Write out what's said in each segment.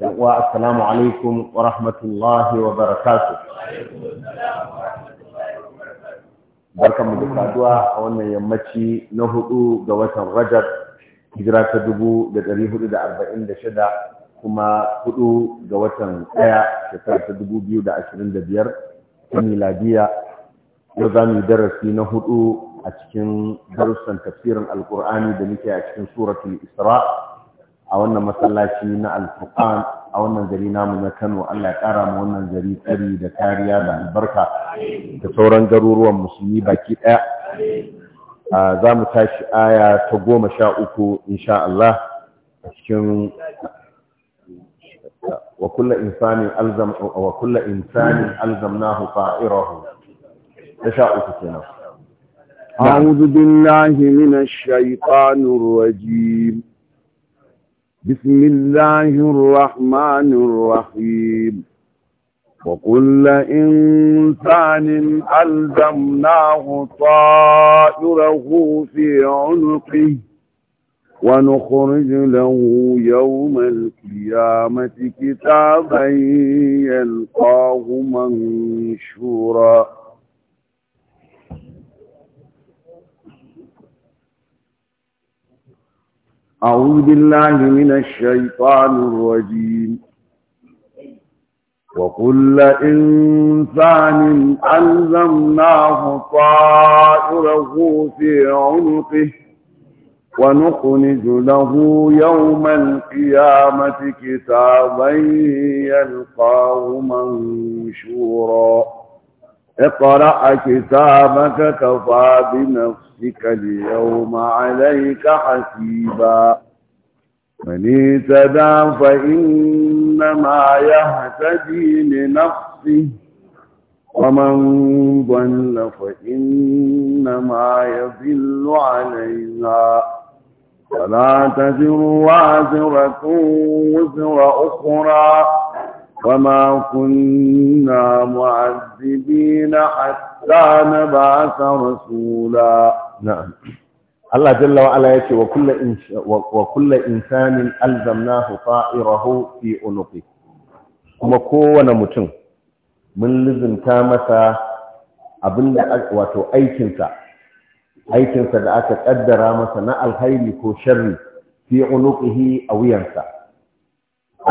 uwa assalamu alaikum wa rahmatullahi wa barakatuh barkanmu da saduwa a wannan yammaci na hudu ga watan rajab hijira ta dubu da dari hudu da arba'in da shida kuma hudu ga watan ɗaya shekara ta dubu biyu da ashirin da biyar ta miladiya yau za mu yi darasi na hudu a cikin darussan tafsirin alkur'ani da muke a cikin suratul isra' a wannan masallaci na alfurqan a wannan gari namu na Kano Allah ya kara mu wannan gari tsari da kariya da albarka da sauran garuruwan musulmi baki daya za mu tashi aya ta goma sha uku insha Allah a cikin wa kulla alzam wa kulla insanin alzamnahu sha uku kenan أعوذ بالله من الشيطان الرجيم بسم الله الرحمن الرحيم وكل إنسان ألزمناه طائره في عنقه ونخرج له يوم القيامة كتابا يلقاه منشورا أعوذ بالله من الشيطان الرجيم وكل إنسان ألزمناه طائره في عنقه ونخرج له يوم القيامة كتابا يلقاه منشورا اقرأ كتابك كفى بنفسك اليوم عليك حسيبا من اهتدى فإنما يهتدي لنفسه ومن ضل فإنما يضل عليها ولا تزر وازرة وزر أخرى وما كنا معذبين حتى نبعث رسولا نعم الله جل وعلا يقول وكل إنش... وكل انسان الزمناه طائره في عنقه kuma kowane mutum mun lizinta masa da wato aikinsa aikinsa da aka kaddara masa na alhaili ko sharri fi unuqihi a wuyansa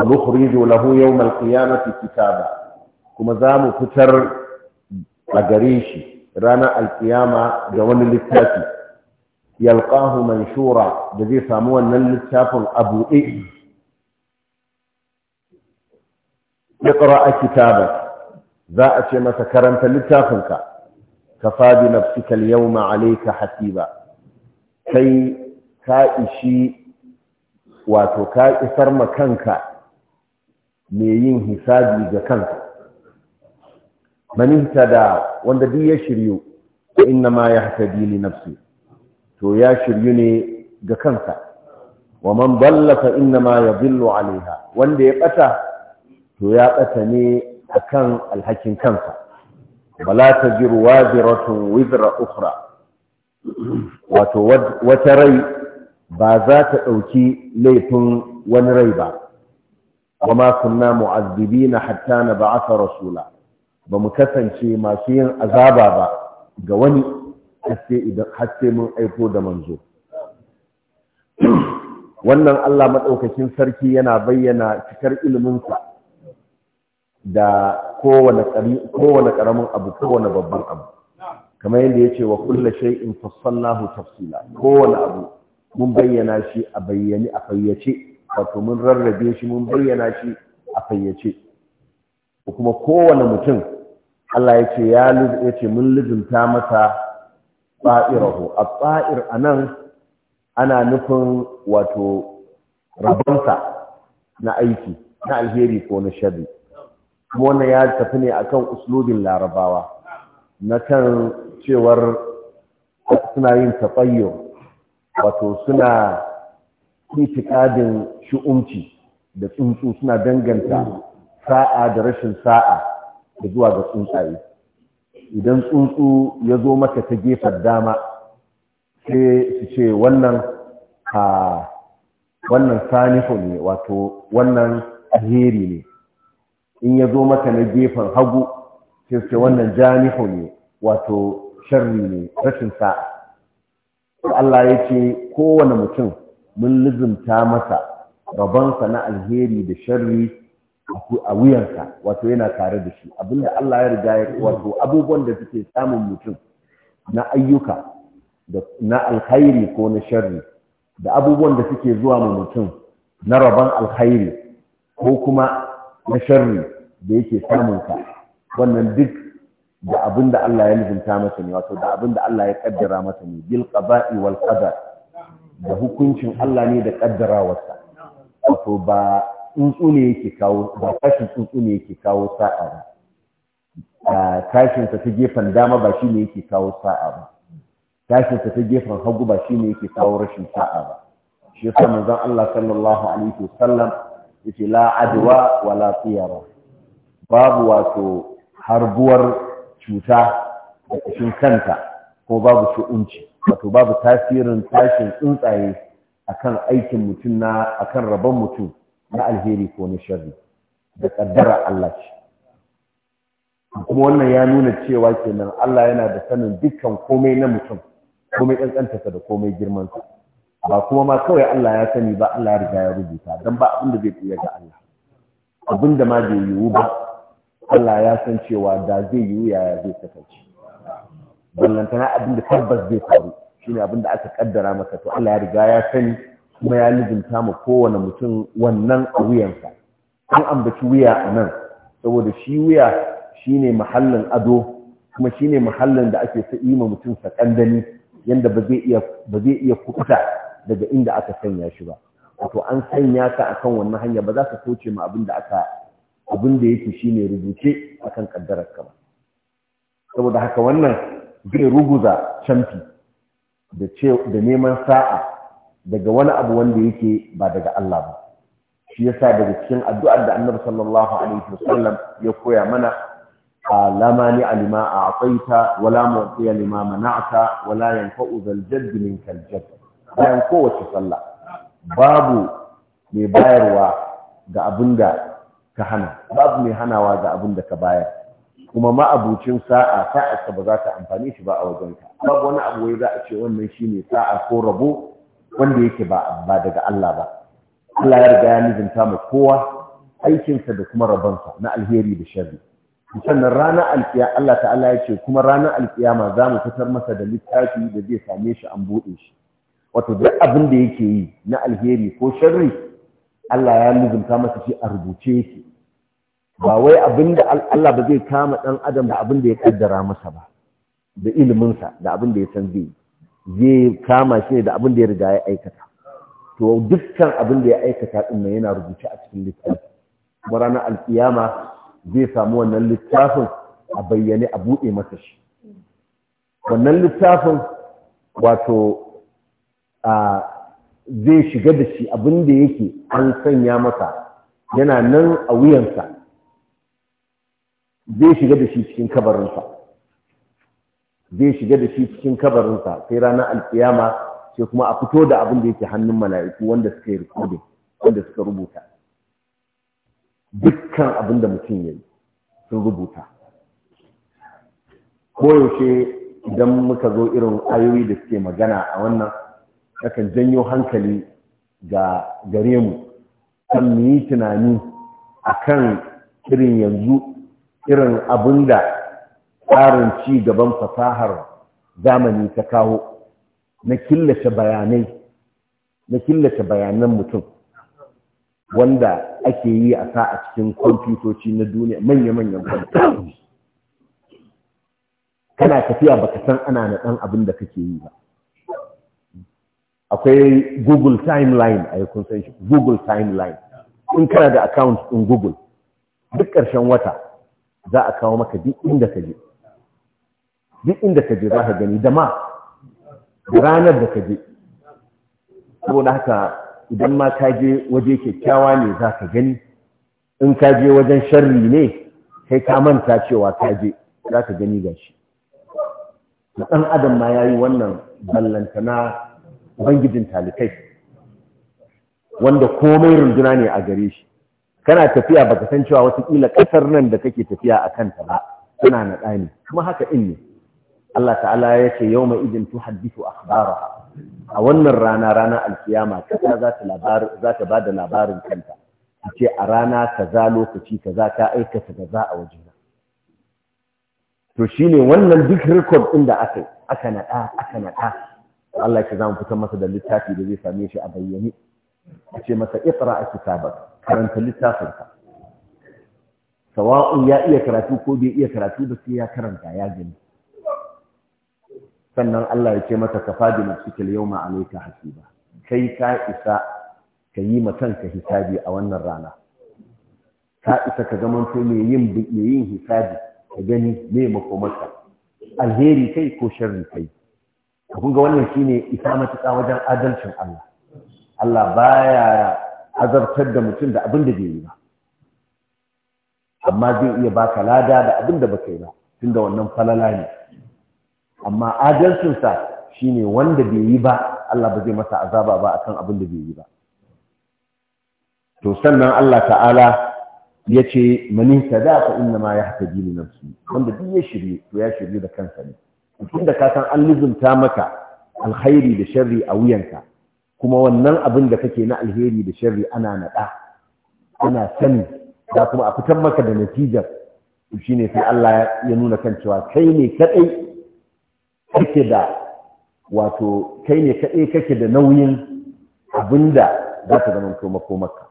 nukhriju lahu yawm qiyamati kitaba kuma za mu fitar a gare shi ranar alkiyama da wani littafi yalqahu manshura da zai samu wannan littafin a buɗe iqra kitaba za a ce masa karanta littafinka kafa bi nafsika al-yawma alayka hasiba kai ka ishi wato ka isar ma kanka mai yin hisabi ga kansa man da wanda duk ya shiryu inna ma yahtadi li nafsi to ya shiryu ne ga kansa wa man dalla fa inna ma yadhillu alaiha wanda ya bata to ya bata ne akan alhakin kansa wala tajiru waziratun wizra ukhra wato wata rai ba za ta dauki laifin wani rai ba wa ma na mu'azzibina hatta nab'atha rasula ba mu kasance masu yin azaba ba ga wani har sai mun aiko da manzo wannan Allah maɗaukakin sarki yana bayyana cikar iliminsa da kowane ƙaramin abu kowane babban abu kamar yadda ya ce wa kulla shay'in fassalnahu tafsila kowane abu mun bayyana shi a bayyane a fayyace wato mun rarrabe shi mun bayyana shi a fayyace kuma kowane mutum Allah ya ce ya ce mun lizinta masa ba'irahu a ba'ir anan ana nufin wato rabonsa na aiki na alheri ko na shabi kuma wannan ya tafi ne akan uslubin larabawa na kan cewar suna yin tafayyo wato suna itikadin shu'umci da tsuntsu suna danganta sa'a da rashin sa'a da zuwa ga tsuntsaye idan tsuntsu ya zo maka ta gefen dama sai su ce wannan a wannan sanifu ne wato wannan alheri ne in ya zo maka na gefen hagu sai su ce wannan janifu ne wato sharri ne rashin sa'a Allah ya ce kowane mutum mun lizumta masa rabonsa na alheri da sharri a wuyansa wato yana tare da shi abinda Allah ya riga ya wato abubuwan da suke samun mutum na ayyuka na alkhairi ko na sharri da abubuwan da suke zuwa ma mutum na rabon alkhairi ko kuma na sharri da yake ka, wannan duk da abinda Allah ya nufinta masa ne wato da abinda Allah ya kaddara masa ne bil qada'i wal qadar da hukuncin Allah ne da kaddarawarsa wato ba tsuntsu ne yake kawo ba kashin tsuntsu ne yake kawo sa'a ba tashinsa ta gefen dama ba shi ne yake kawo sa'a ba tashinsa ta gefen hagu ba shi ne yake kawo rashin sa'a ba shi yasa manzon Allah sallallahu alaihi wasallam yace la adwa wala tiyara babu wato harbuwar cuta da kashin kanta ko babu shi'unci wato babu tasirin tashin tsuntsaye akan aikin mutum na akan rabon mutum na alheri ko na sharri da kaddara Allah ce kuma wannan ya nuna cewa kenan Allah yana da sanin dukkan komai na mutum komai kankantarsa da komai girmansa ba kuma ma kawai Allah ya sani ba Allah ya riga ya rubuta dan ba abin da zai iya ga Allah abin da ma bai yiwu ba Allah ya san cewa da zai yiwu yaya zai kasance ballantana abin da tabbas zai faru shine abin da aka kaddara masa to Allah ya riga ya sani kuma ya lizinta ma kowane mutum wannan a wuyansa an ambaci wuya a nan saboda shi wuya ne mahallin ado kuma shine mahallin da ake sa ma mutum sakandani yanda ba zai iya ba zai iya kukuta daga inda aka sanya shi ba wato an sanya ka akan wannan hanya ba za ka kauce ma abin da aka abin da yake shine rubuce akan kaddarar ka ba saboda haka wannan zai ruguza canfi da neman sa'a daga wani abu wanda yake ba daga Allah ba shi yasa daga cikin addu'ar da Annabi sallallahu alaihi wasallam ya koya mana alamani alima a'taita wala mu'tiya lima mana'ta wala yanka zal jadd minkal bayan kowace sallah babu mai bayarwa ga abin da ka hana babu mai hanawa ga da ka bayar kuma ma'abucin sa'a sa'arsa ba za ta amfani shi ba a wajen ka. babu wani abu wai za a ce wannan shine sa'a ko rabo wanda yake ba ba daga Allah ba Allah ya riga ya nizinta mu kowa aikinsa da kuma rabon sa na alheri da sharri sannan ranar alkiyama Allah ta'ala ya ce kuma ranar alkiyama za mu fitar masa da littafi da zai same shi an buɗe shi wato duk abin da yake yi na alheri ko sharri Allah ya nizinta masa shi a rubuce yake ba wai da Allah ba zai kama ɗan adam da abinda ya kaddara masa ba da iliminsa da abinda ya san zai zai kama shi ne da abinda ya riga ya aikata to dukkan abinda ya aikata ɗin nan yana rubuce a cikin littafi kuma ranar alƙiyama zai samu wannan littafin a bayyane a buɗe masa shi wannan littafin wato zai shiga da shi abin da yake an sanya masa yana nan a wuyansa zai shiga da shi cikin kabarinsa zai shiga da shi cikin kabarinsa sai ranar alkiyama sai kuma a fito da abin da yake hannun mala'iku wanda suka yi rikodin wanda suka rubuta dukkan abin da mutum ya yi sun rubuta koyaushe idan muka zo irin ayoyi da suke magana a wannan yakan janyo hankali ga gare mu kan mu yi tunani a kan irin yanzu irin abin da tsarin ci gaban fasahar zamani ta kawo na killace bayanai na killace bayanan mutum wanda ake yi a sa a cikin kwamfutoci na duniya manya-manyan kwamfutoci kana tafiya baka san ana na ɗan abin da kake yi ba akwai google timeline a kun san shi google timeline in kana da account in google duk ƙarshen wata za a kawo maka duk inda ka je duk inda ka je za ka gani da ma ranar da ka je saboda haka idan ma ka je waje kyakkyawa ne za ka gani in ka je wajen sharri ne kai ka manta cewa ka je za ka gani ga shi. Na ɗan adam ma ya yi wannan ballanta na bangijin talikai wanda komai runduna ne a gare shi kana tafiya baka san cewa kila ƙasar nan da kake tafiya a kanta ba tana na ne, kuma haka in ne Allah ta'ala ya ce yau mai idin tu haddisu a wannan rana rana alkiyama kasa za ta labarin za ta bada labarin kanta a ce a rana kaza lokaci kaza ka aikata kaza a wajena to shine wannan duk record ɗin da aka aka naɗa aka naɗa Allah ya ce za mu fitar masa da littafi da zai same shi a bayyane a ce masa iqra kitabaka karanta littafinsa Sawa'u ya iya karatu ko bai iya karatu ba sai ya karanta ya gani sannan Allah ya ce mata fadi bi cikin yawma alayka hasiba kai ka isa ka yi ma kanka hisabi a wannan rana ka isa ka zama to mai yin mai yin hisabi ka gani me makomarka alheri kai ko sharri kai kun ga wannan shine isa matuka wajen adalcin Allah Allah baya azabtar da mutum da abin da bai yi ba amma zai iya baka lada da abin da baka yi ba da wannan falala ne amma adalcinsa shine wanda bai yi ba Allah ba zai masa azaba ba akan abin da bai yi ba to sannan Allah ta'ala ya ce mani sadaka inna ma ya haka jini nafsi wanda duk ya shirye to ya shirye da kansa ne tun da ka san an lizunta maka alkhairi da sharri a wuyanka kuma wannan abin da kake na alheri da sharri ana naɗa ana sani da kuma a fitar maka da natijar shi ne sai Allah ya nuna kan cewa kai ne kaɗai kake da wato kai ne kaɗai kake da nauyin abin da za ta zama ko makomarka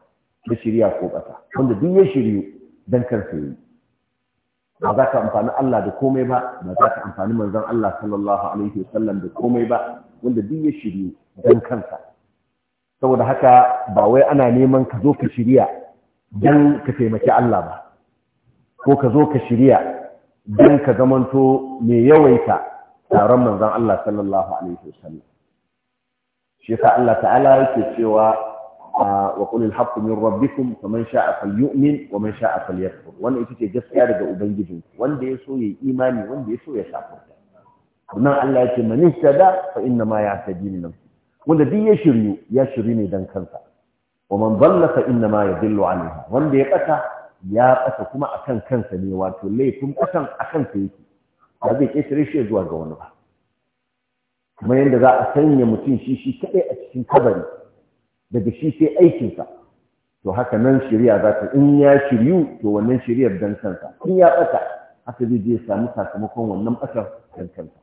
da shirya ko ƙasa wanda duk ya shiryu don kansa yi ba za ka amfani Allah da komai ba ba za ka amfani manzon Allah sallallahu alaihi wasallam da komai ba wanda duk ya shiryu don kansa saboda haka ba wai ana neman ka zo ka shirya don ka taimaki Allah ba ko ka zo ka shirya don ka zamanto mai yawaita taron manzon Allah sallallahu alaihi wasallam shi yasa Allah ta'ala yake cewa ah, wa qul al-haqqu min rabbikum faman sha'a falyu'min wa man sha'a falyakfur wannan ita ce gaskiya daga ubangijin wanda ya so ya imani wanda ya so ya kafirta nan Allah yake man ihtada fa inna ma yahtadi li nafsihi wanda duk ya shiryu ya shiryu ne dan kansa wa man dalla fa inna ma yadullu alaiha wanda ya bata ya kasa kuma akan kansa ne wato laifin kasan akan sa yake ba zai shirye shi zuwa ga wani ba kuma yadda za a sanya mutum shi shi kaɗai a cikin kabari daga shi sai aikinsa to haka nan shirya za ta in ya shiryu to wannan shiryar dan kansa in ya ɓata haka zai je samu sakamakon wannan ɓatar dan kansa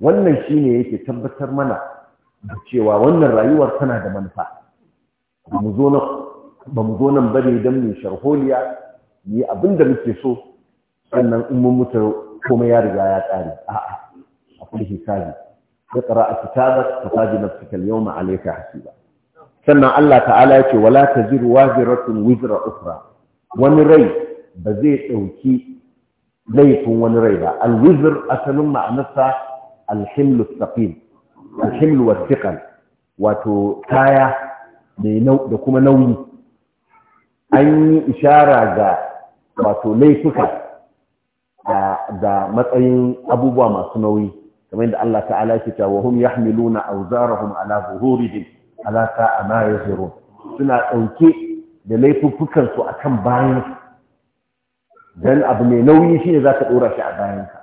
wannan shine yake tabbatar mana da cewa wannan rayuwar tana da manufa ba mu zo nan bane don mu sharholiya mu abin da muke so sannan in mun mutu komai ya riga ya tsare a'a akwai hisabi ya tsara a kitabar ta faji na fitar yau ma'alaika hasiba sannan Allah ta'ala ya ce wala ta ziru waziratun wizra ukra wani rai ba zai ɗauki laifin wani rai ba alwizir asalin ma'anarsa alhimlu saqim alhiml wa thiqal wato kaya da kuma nauyi an yi ishara ga wato laifuka da matsayin abubuwa masu nauyi kamar yadda Allah ta'ala ke cewa hum yahmiluna awzarahum ala zuhurihim ala sa'a ma yazurun suna dauke da laifuffukan su akan bayan dan abu mai nauyi shine zaka dora shi a bayan ka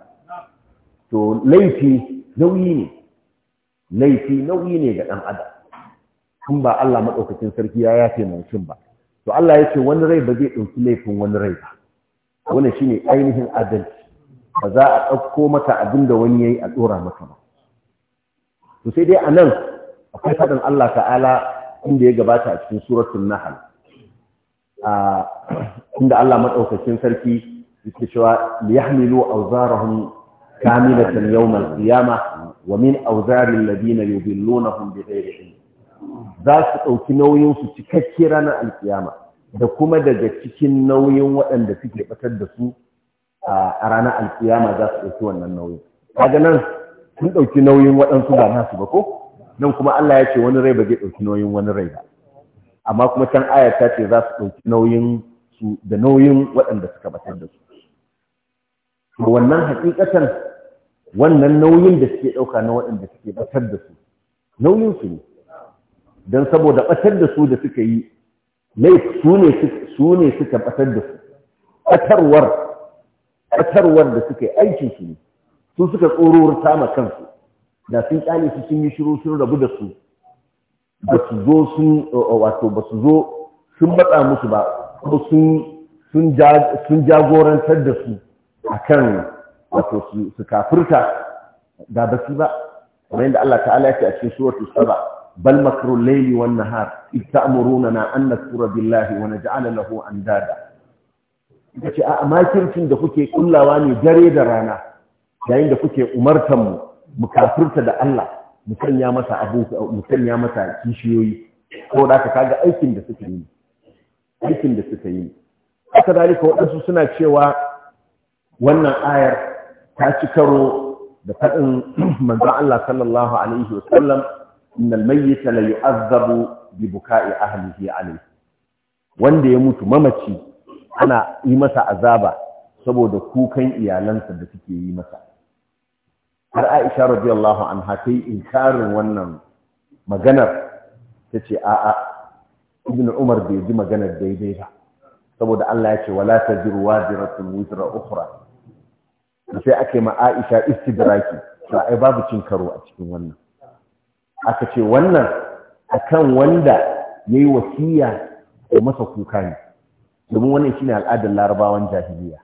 to laifi nauyi ne laifi nauyi ne ga ɗan adam kun ba Allah maɗaukacin sarki ya yafe mutum ba to Allah ya ce wani rai ba zai ɗauki laifin wani rai ba wani shi ne ainihin adalci ba za a ɗauko maka abin da wani ya yi a ɗora maka ba to sai dai a nan akwai faɗin Allah ta'ala inda ya gabata a cikin suratun nahal inda Allah maɗaukacin sarki yake cewa liyahmilu awzarahum kamilatan yawmal qiyamah wa min auzarin ladina yudillunahum bi ghairi ilm za su ɗauki nauyin su cikakke ranar alkiyama da kuma daga cikin nauyin waɗanda suke batar da su a ranar alkiyama za su ɗauki wannan nauyin kaga nan sun ɗauki nauyin waɗansu ba nasu ba ko nan kuma Allah ya ce wani rai ba zai ɗauki nauyin wani rai ba amma kuma can ayata ce za su ɗauki nauyin su da nauyin waɗanda suka batar da su wannan hakikatan wannan nauyin da suke ɗauka na waɗanda suke ɓatar da su nauyin su ne don saboda ɓatar da su da suka yi su ne suka ɓatar da su ɓatarwar ɓatarwar da suka yi aikin su ne su suka tsorowar sama kansu da sun kyale su sun yi shiru sun rabu da su ba su zo sun wato ba su zo sun matsa musu ba ko sun jagorantar da su akan wato su kafirta da ba ba kamar yadda Allah ta'ala ya ce a cikin suratul saba bal makru layli wan nahar id ta'muruna an nasura billahi wa naj'ala lahu andada ita ce a makircin da kuke kullawa ne dare da rana yayin da kuke umartan mu mu kafirta da Allah mu sanya masa abu mu sanya masa kishiyoyi ko da ka kaga aikin da suke yi aikin da suke yi haka dalika waɗansu suna cewa wannan ayar ta ci karo da faɗin manzon Allah sallallahu alaihi wa sallam innal la yu'azzabu bi buka'i ahlihi alayhi wanda ya mutu mamaci ana yi masa azaba saboda kukan iyalansa da suke yi masa har Aisha radiyallahu anha ta inkarin wannan maganar ta ce a'a ibn Umar bai ji maganar daidai ba saboda Allah ya ce wala tajiru waziratun wizra ukhra sai aka ma Aisha istidraki to ai babu cin karo a cikin wannan aka ce wannan akan wanda yayi wasiya da masa kuka ne domin wannan shine al'adar larabawan jahiliya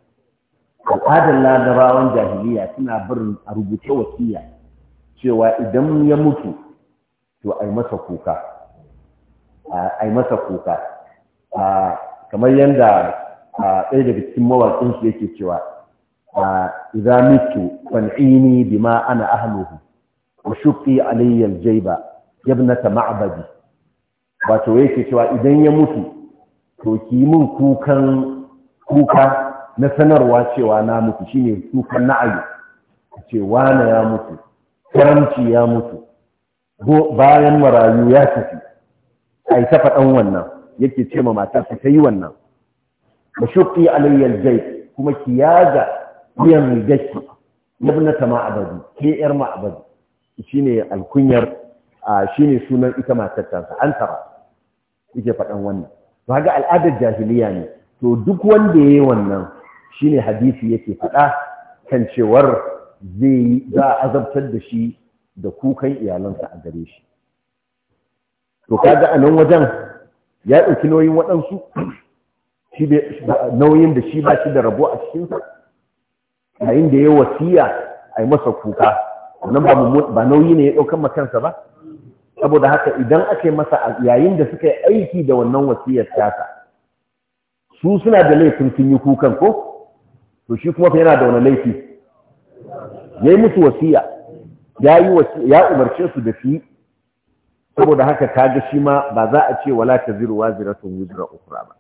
al'adar larabawan jahiliya suna barin a rubuce wasiya cewa idan ya mutu to ai masa kuka ai masa kuka kamar yadda ɗaya daga cikin mawaƙinsu yake cewa idza mitu fan'ini dima ana ahluhu wa shuqqi alayya al-jayba yabnata ma'badi wato yake cewa idan ya mutu to kiyi min kukan kuka na sanarwa cewa na mutu shine kukan na'ayi ce wane ya mutu karamci ya mutu bayan marayu ya tafi ai ta faɗan wannan yake ce ma matarsa ta yi wannan ba shuƙi alayyar kuma ki yaga biyan mai gashi ma ma'abadi ke yar ma'abadi shine alkunyar shine sunan ita matar tansa, an tara yake faɗan wannan to ga al'adar jahiliya ne to duk wanda yayi wannan shine hadisi yake faɗa kan cewar zai za a azabtar da shi da kukan iyalansa a gare shi to kaga a nan wajen ya ɗauki nauyin waɗansu nauyin da shi ba shi da rabo a cikinsa yayin da ya wasiya a yi masa kuka nan ba nauyi ne ya ɗaukan makansa ba saboda haka idan aka yi masa yayin da suka yi aiki da wannan wasiyar siyasa, su suna da laifin sun yi kukan ko to shi kuma yana da wani laifi ya yi musu wasiya ya umarce su da shi saboda haka ta ga shi ma ba za a ce wala ta ziru wa ziratun wuzra ukra ba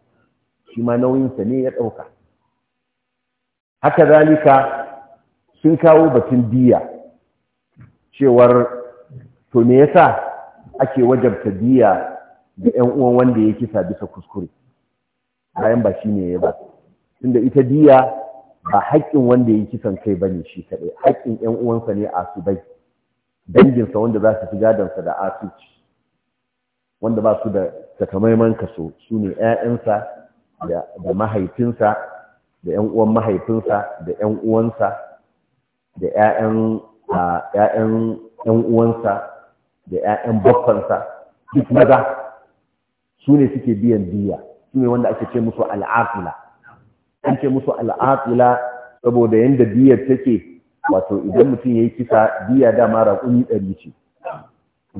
shi ma nauyinsa ne ya ɗauka haka zalika sun kawo batun diya cewar to me yasa ake wajabta diya ga yan uwan wanda ya kisa bisa kuskure bayan ba ne ya ba tunda ita diya ba haƙƙin wanda ya kisan kai bane shi kaɗai haƙƙin 'yan uwansa ne a su bai danginsa wanda za su fi gadansa da asuci wanda ba su da takamaiman kaso su ne ‘ya'yansa da mahaifinsa da ‘yan uwan mahaifinsa da ‘yan uwansa da ‘ya'yan ‘yan uwansa da ‘ya'yan bakwansa duk maza su ne suke biyan biya su ne wanda ake ce musu al'afila an ce musu al'afila saboda yadda biyar take wato idan mutum ya yi kisa biya dama raƙumi ɗari ce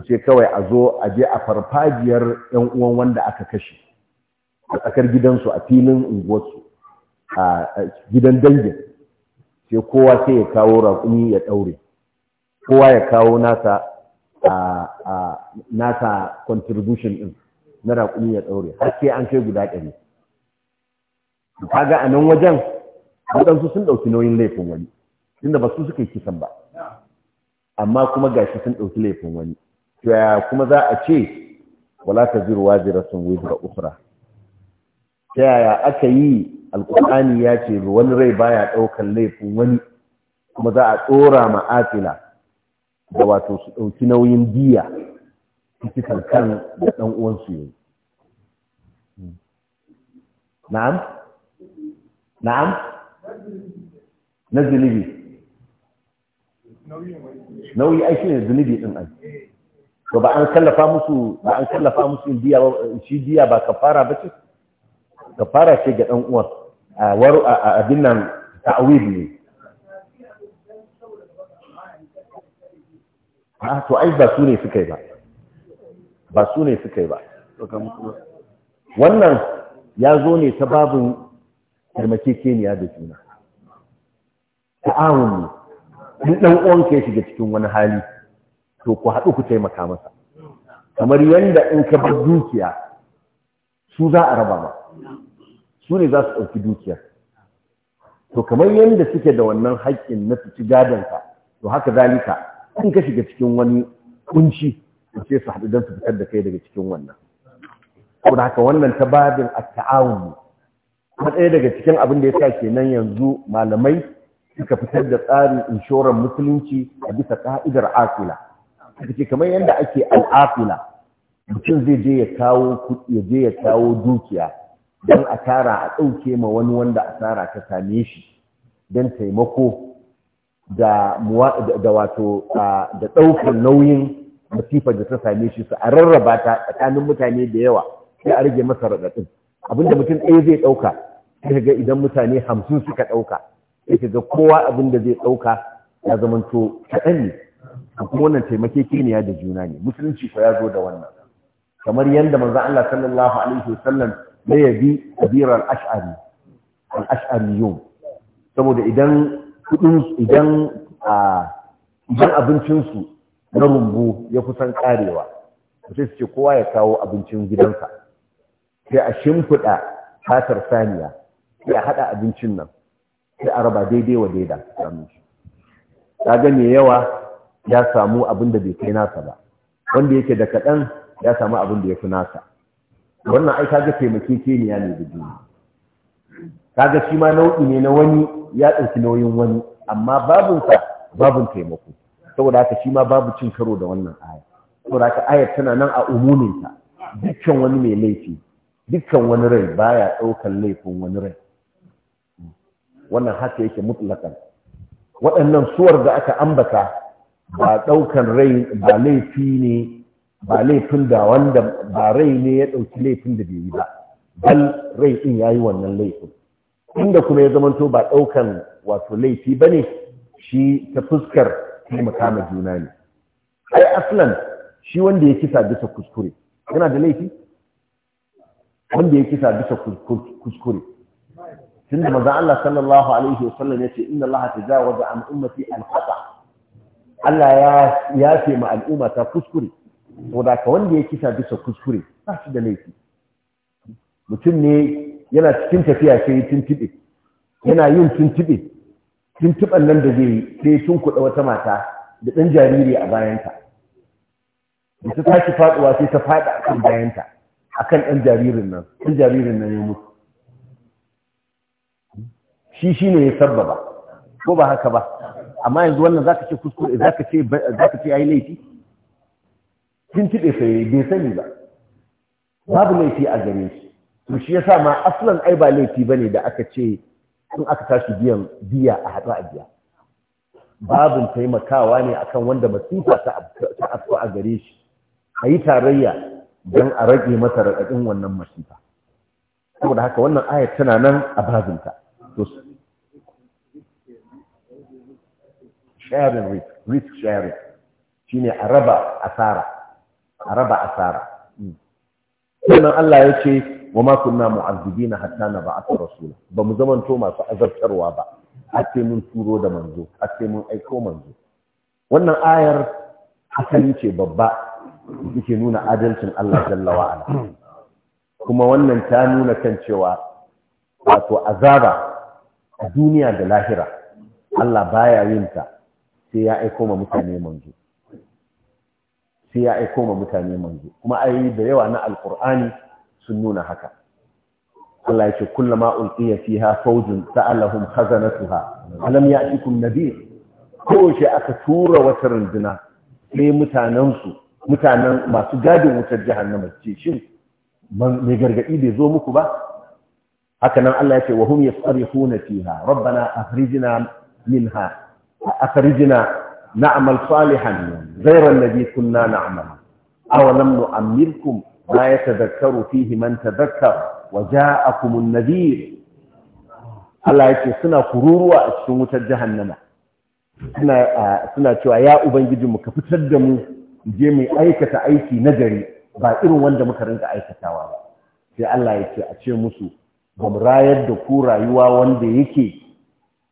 ce kawai a zo a je a farfajiyar ‘yan uwan wanda aka kashe a tsakar gidansu a filin unguwarsu a gidan dangin sai kowa sai ya kawo raƙumi ya ɗaure kowa ya kawo nasa a contribution ɗin na raƙumi ya ɗaure har sai an kai guda ɗari kaga a nan wajen waɗansu sun ɗauki nauyin laifin wani tunda ba su suka yi kisan ba amma kuma gashi sun ɗauki laifin wani to ya kuma za a ce wala taziru waziratun wizra ukhra ta yaya aka yi alƙur'ani ya ce wani rai baya ɗaukan laifin wani kuma za a tsora ma'afila da wato su ɗauki nauyin biya cikin kan da ɗan uwansu yi na'am na'am na zunubi nauyi ai shi ne zunubi ɗin ai to ba an kallafa musu ba an kallafa musu biya shi biya ba ka fara ba ce Ka fara ce ga ɗan uwan a waru a abin nan ta'awil ne a to ai ba su ne suka yi ba ba su ne suka yi ba wannan ya zo ne ta babin keniya da juna ta'awun ne in ɗan uwan ke shiga cikin wani hali to ku haɗu ku taimaka masa kamar yadda in ka bar dukiya su za a raba ma su ne za su ɗauki dukiyar to kamar yadda suke da wannan haƙƙin na su gadon gadonka to haka zalika in ka shiga cikin wani kunci to sai su haɗu don su fitar da kai daga cikin wannan da haka wannan ta babin a taawun kuma ɗaya daga cikin abin da ya sa kenan yanzu malamai suka fitar da tsarin inshoran musulunci a bisa ka'idar Afila. suka ce kamar yadda ake al'afila, mutum zai je ya kawo kuɗi ya je ya kawo dukiya don a tara a ɗauke ma wani wanda asara ta same shi don taimako da wato da ɗaukar nauyin masifar da ta same shi su a rarraba ta tsakanin mutane da yawa sai a rage masa raɗaɗin abinda mutum ɗaya zai ɗauka sai ga idan mutane hamsin suka ɗauka sai ga kowa abinda zai ɗauka ya zamanto kaɗan ne kuma wannan taimakekeniya da juna ne musulunci ko ya zo da wannan kamar yadda manzo Allah sallallahu alaihi wasallam na yabi kabir al-ash'ari al-ash'ariyun saboda idan kudin idan a idan abincinsu na rumbu ya kusan karewa sai su ce kowa ya kawo abincin gidansa sai a shimfiɗa fatar saniya sai a haɗa abincin nan sai a raba daidai wa daida samun shi kaga mai yawa ya samu abin da bai kai nasa ba wanda yake da kaɗan ya samu abin da ya fi nasa wannan ai kaga taimakekeniya ne da juna kaga shi ma nau'i ne na wani ya ɗauki nauyin wani amma babinsa babin taimako saboda haka shi ma babu cin karo da wannan aya saboda haka ayar tana nan a umuminta dukkan wani mai laifi dukkan wani rai baya ɗaukan laifin wani rai wannan haka yake mutlaka waɗannan suwar da aka ambata ba ɗaukan rai ba laifi ne ba laifin da wanda ba rai ne ya ɗauki laifin da bai yi ba bal rai ɗin ya yi wannan laifin inda kuma ya zamanto ba ɗaukan wato laifi ba ne shi ta fuskar taimaka ma juna ne ai aslan shi wanda ya kisa bisa kuskure yana da laifi wanda ya kisa bisa kuskure tun da maza Allah sallallahu alaihi wasallam ya ce inna Allah tajawaza da ummati al-khata Allah ya ya ce ma al'umma ta kuskure saboda ka wanda ya kisa bisa kuskure ba su da laifi mutum ne yana cikin tafiya sai ya tuntuɓe yana yin tuntuɓe tuntuɓen nan da zai yi sai ya tunkuɗa wata mata da ɗan jariri a bayanta Mutum ta ki faɗuwa sai ta faɗa a kan bayanta a kan ɗan jaririn nan ɗan jaririn nan ya mutu shi shi ne ya sabbaba ko ba haka ba amma yanzu wannan za ka ce kuskure za ka ce ya yi laifi tuntuɓe sai bai sani ba babu laifi a gare shi to shi yasa ma aslan ai ba laifi bane da aka ce in aka tashi biyan biya a haɗu a biya Babu taimakawa ne akan wanda masifa ta afko a gare shi a yi tarayya don a rage masa raɗaɗin wannan masifa saboda haka wannan ayat tana nan a babinta sharing risk risk sharing shine a raba asara a raba asara sannan Allah ya ce wa ma kunna mu'azzibina hatta nab'atha rasula ba mu zamanto masu azabtarwa ba har mun turo da manzo har mun aiko manzo wannan ayar asali ce babba suke nuna adalcin Allah Jallawa. ala kuma wannan ta nuna kan cewa wato azaba a duniya da lahira Allah baya yin ta sai ya aiko ma mutane manzo sai ya aiko ma mutane manzo kuma ayoyi da yawa na alqur'ani sun nuna haka Allah yake kullama ulqiya fiha fawjun sa'alahum khazanatuha alam ya'tikum nadir ko shi aka tura wata runduna sai mutanen su mutanen masu gadin wutar jahannama ce shin mai gargadi bai zo muku ba haka nan Allah yake wa hum yasrifuna fiha rabbana akhrijna minha akhrijna na'mal salihan ghayra alladhi kunna na'mal aw lam nu'ammirkum ma yatadhakkaru fihi man tadhakkara wa ja'akum an-nadhir Allah yake suna kururuwa a cikin wutar jahannama suna suna cewa ya ubangiji ka fitar da mu je mu aikata aiki na gari ba irin wanda muka rinka aikatawa ba sai Allah ya ce a ce musu ba mu rayar da ku rayuwa wanda yake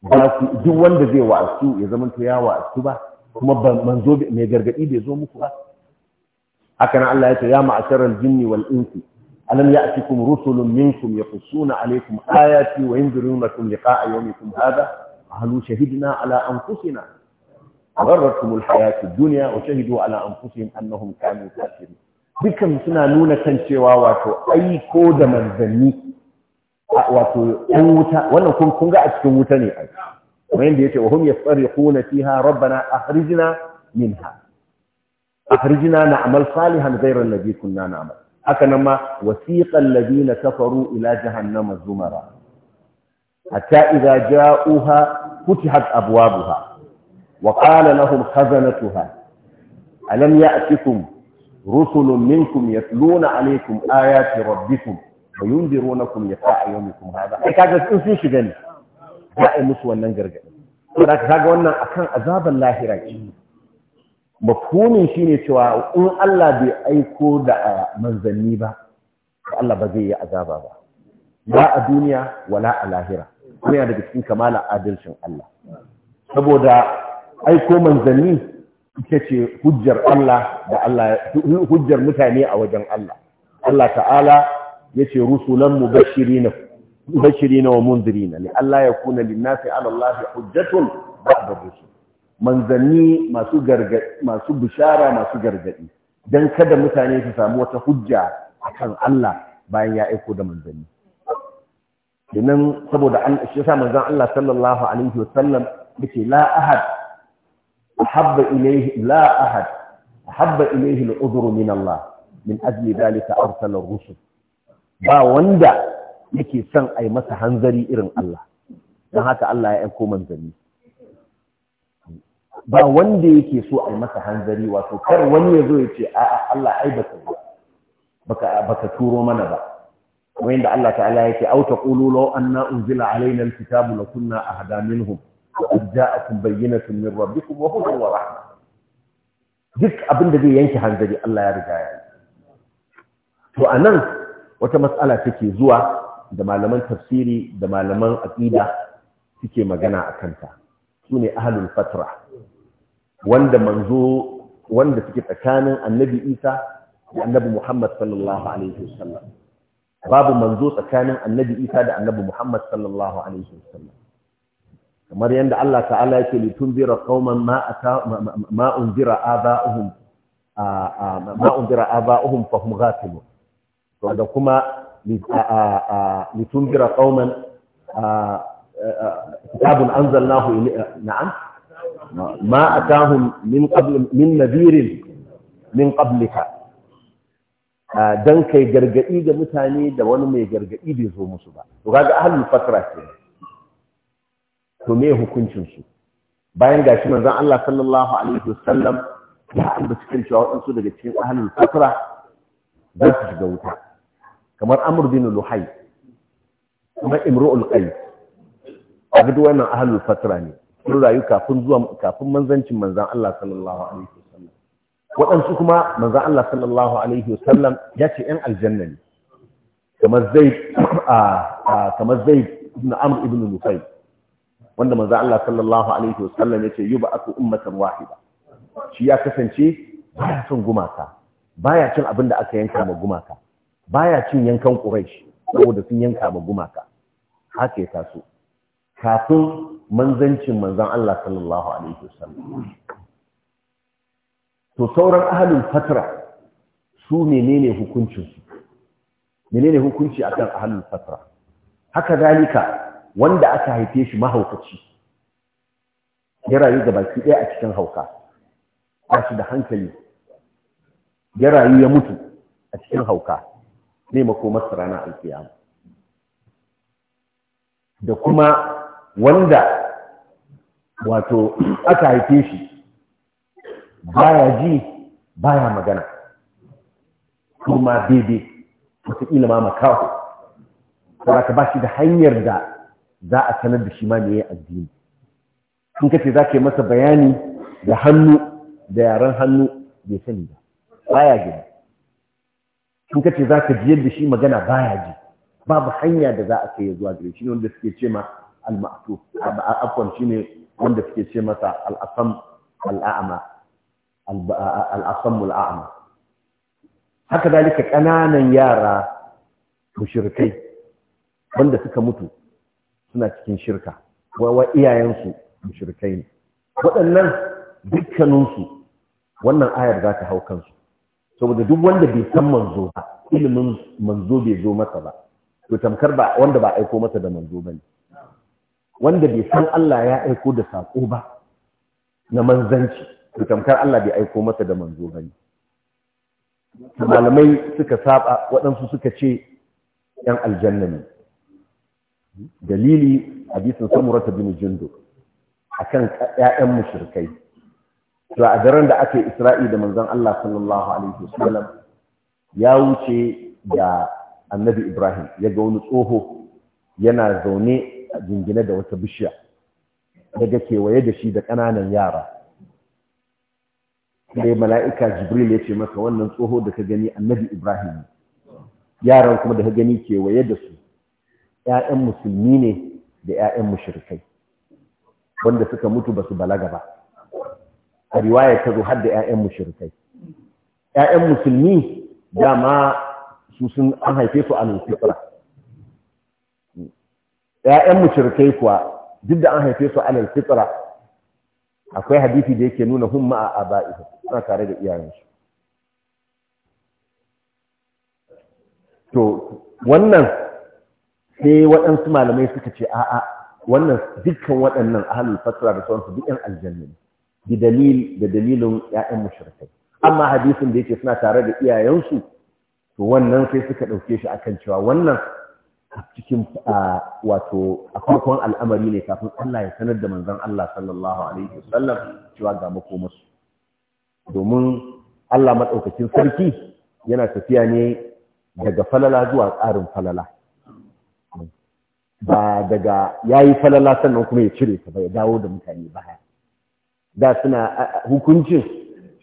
ba su duk wanda zai wa'azu ya zama to ya wa'azu ba kuma manzo mai gargadi bai zo muku ba haka nan Allah ya ce ya ma'asharal jinni wal insi alam ya'tikum rusulun minkum yaqussuna alaykum ayati wa yunzirunakum liqa'a yawmikum hadha halu shahidna ala anfusina gharratkum al hayat ad dunya wa shahidu ala anfusihim annahum kanu kafirin dukan suna nuna kan cewa wato aiko da manzanni wato ɗan wuta wannan kun ga a cikin wuta ne ai Kuma yadda yace wa hum yasriquna fiha rabbana akhrijna minha akhrijna na'mal salihan ghayra alladhi kunna na'mal haka nan ma wasiqa alladhina kafaru ila jahannama zumara hatta idza ja'uha futihat abwabuha wa qala lahum khazanatuha alam ya'tikum rusulun minkum yatluna alaykum ayati rabbikum wa yunzirunakum yaqa'a yawmikum hada ai kaga in sun shiga ne za a yi musu wannan gargadi ka kaga wannan akan azaban lahira ce shi shine cewa in Allah bai aiko da manzanni ba to Allah ba zai yi azaba ba ba a duniya wala a lahira kuma yana daga cikin kamala adalcin Allah saboda aiko manzanni ita ce hujjar Allah da Allah hujjar mutane a wajen Allah Allah ta'ala yace rusulan mubashirina mubashirina wa munzirina li alla yakuna lin-nasi 'ala Allah hujjatun ba'da rusul manzanni masu gargadi masu bishara masu gargadi dan kada mutane su samu wata hujja akan Allah bayan ya aiko da manzanni dinan saboda an shi yasa manzon Allah sallallahu alaihi wasallam yace la ahad ahabba ilayhi la ahad ahabba ilayhi al-udhru min Allah min ajli dhalika arsala ar-rusul ba wanda yake son a yi masa hanzari irin Allah don haka Allah ya aiko manzanni ba wanda yake so a yi masa hanzari wato kar wani ya zo ya ce a'a Allah ai baka zo, baka turo mana ba Wai da Allah ta'ala ya au fitabu na anna unzila alaina alkitabu lakunna ahada a qad ja'akum bayyinatun min rabbikum wa hudan wa rahma duk abin da zai yanke hanzari Allah ya riga ya yi, to a nan. wata matsala take zuwa da malaman tafsiri da malaman aqida suke magana a kanta su ne ahalul fatra wanda manzo wanda suke tsakanin annabi isa da annabi muhammad sallallahu alaihi wasallam babu manzo tsakanin annabi isa da annabi muhammad sallallahu alaihi wasallam kamar yadda Allah ta'ala yake litunzira qauman ma ata ma unzira aba'uhum ma unzira aba'uhum fahum ghafilun da kuma litungira qauman kitabun anzalnahu na'an ma a min min min qablika dan kai gargaɗi da mutane da wani mai gargaɗi bai zo musu ba to kaga ahlul fatra ce to me hukuncin su bayan gashi manzon Allah sallallahu alaihi wasallam ya ambaci kan cewa wadansu daga cikin ahlul fatra za su shiga wuta kamar amr bin luhai kuma imru'ul qais a duk wannan ahlul fatra ne sun rayu kafin zuwa kafin manzancin manzan Allah sallallahu alaihi wasallam waɗansu kuma manzan Allah sallallahu alaihi wasallam ya ce ‘yan aljanna ne kamar zai kamar zai ibn amr ibn nufai wanda manzan Allah sallallahu alaihi wasallam ya ce yi ba aku ummatan wahida shi ya kasance ba ya son gumaka baya cin abin da aka yanka ma gumaka baya cin yankan quraish saboda sun yanka ma gumaka haka ya taso kafin manzancin manzon Allah sallallahu alaihi wasallam to sauran ahlul fatra su menene hukuncin su menene hukunci akan ahlul fatra haka zalika wanda aka haife shi mahaukaci ya rayu baki ɗaya a cikin hauka ba shi da hankali ya rayu ya mutu a cikin hauka ne makomarsa rana alfiyar da kuma wanda wato aka haife shi baya ji baya magana kuma daidai wataƙila ma makaho saboda ba shi da hanyar da za a sanar da shi ma ne addini sun kace ce za ka masa bayani da hannu da yaren hannu bai sani ba baya gani in ka ce za ka ji yadda shi magana baya ji babu hanya da za a kai zuwa gare shi ne wanda suke ce ma al-ma'tuf afwan ne wanda suke ce masa al-asam al-a'ma al-asam al-a'ma haka dalika kananan yara mushrikai wanda suka mutu suna cikin shirka wa iyayensu mushrikai ne waɗannan dukkaninsu wannan ayar za ta hau kansu saboda duk wanda bai san manzo ba ilimin manzo bai zo masa ba to tamkar ba wanda ba aiko masa da manzo bane wanda bai san Allah ya aiko da sako ba na manzanci to tamkar Allah bai aiko masa da manzo ba bane malamai suka saba waɗansu suka ce ‘yan aljanna ne dalili hadisin samurata bin jundu akan ƴaƴan mushrikai to a daren da aka yi isra'i da manzon Allah sallallahu alaihi wasallam ya wuce da annabi Ibrahim ya ga wani tsoho yana zaune a jingine da wata bishiya daga kewaye da shi da ƙananan yara sai mala'ika Jibril ya ce masa wannan tsoho da ka gani annabi Ibrahim yaran kuma da ka gani kewaye da su ‘ya'yan musulmi ne da ‘ya'yan mushrikai wanda suka mutu ba su balaga ba a riwaya ta zo har da 'ya'yan mushrikai 'Ya'yan musulmi dama su sun an haife su a fitra ‘ya'yan mushrikai kuwa duk da an haife su a fitra akwai hadisi da yake nuna hun ma'a aba'ihim suna tare da iyayensu to wannan sai waɗansu malamai suka ce a'a wannan dukkan waɗannan ahalul fatra da sauransu duk 'yan aljanna ne bi dalil da dalilin 'ya'yan mushrikai amma hadisin da yake suna tare da iyayensu to wannan sai suka ɗauke shi akan cewa wannan cikin wato a farkon al'amari ne kafin Allah ya sanar da manzon Allah sallallahu alaihi wasallam cewa ga makomarsu domin Allah madaukakin sarki yana tafiya ne daga falala zuwa tsarin falala ba daga yayi falala sannan kuma ya cire ta ba ya dawo da mutane baya da suna hukuncin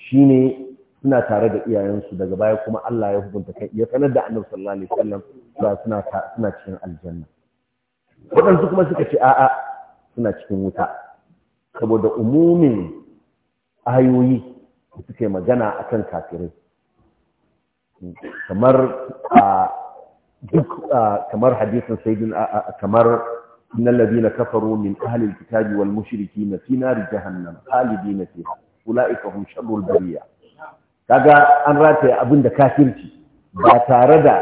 shine suna tare da iyayensu daga baya kuma Allah ya hukunta kai ya sanar da Annabi sallallahu alaihi wasallam suna suna cikin aljanna wadansu kuma suka ce a'a suna cikin wuta saboda umumin ayoyi da suke magana akan kafirai kamar a duk kamar hadisin sayyidin kamar إن الذين كفروا من أهل الكتاب والمشركين في نار جهنم خالدين فيها أولئك هم شر البرية kaga an rataya abin da kafirci ba tare da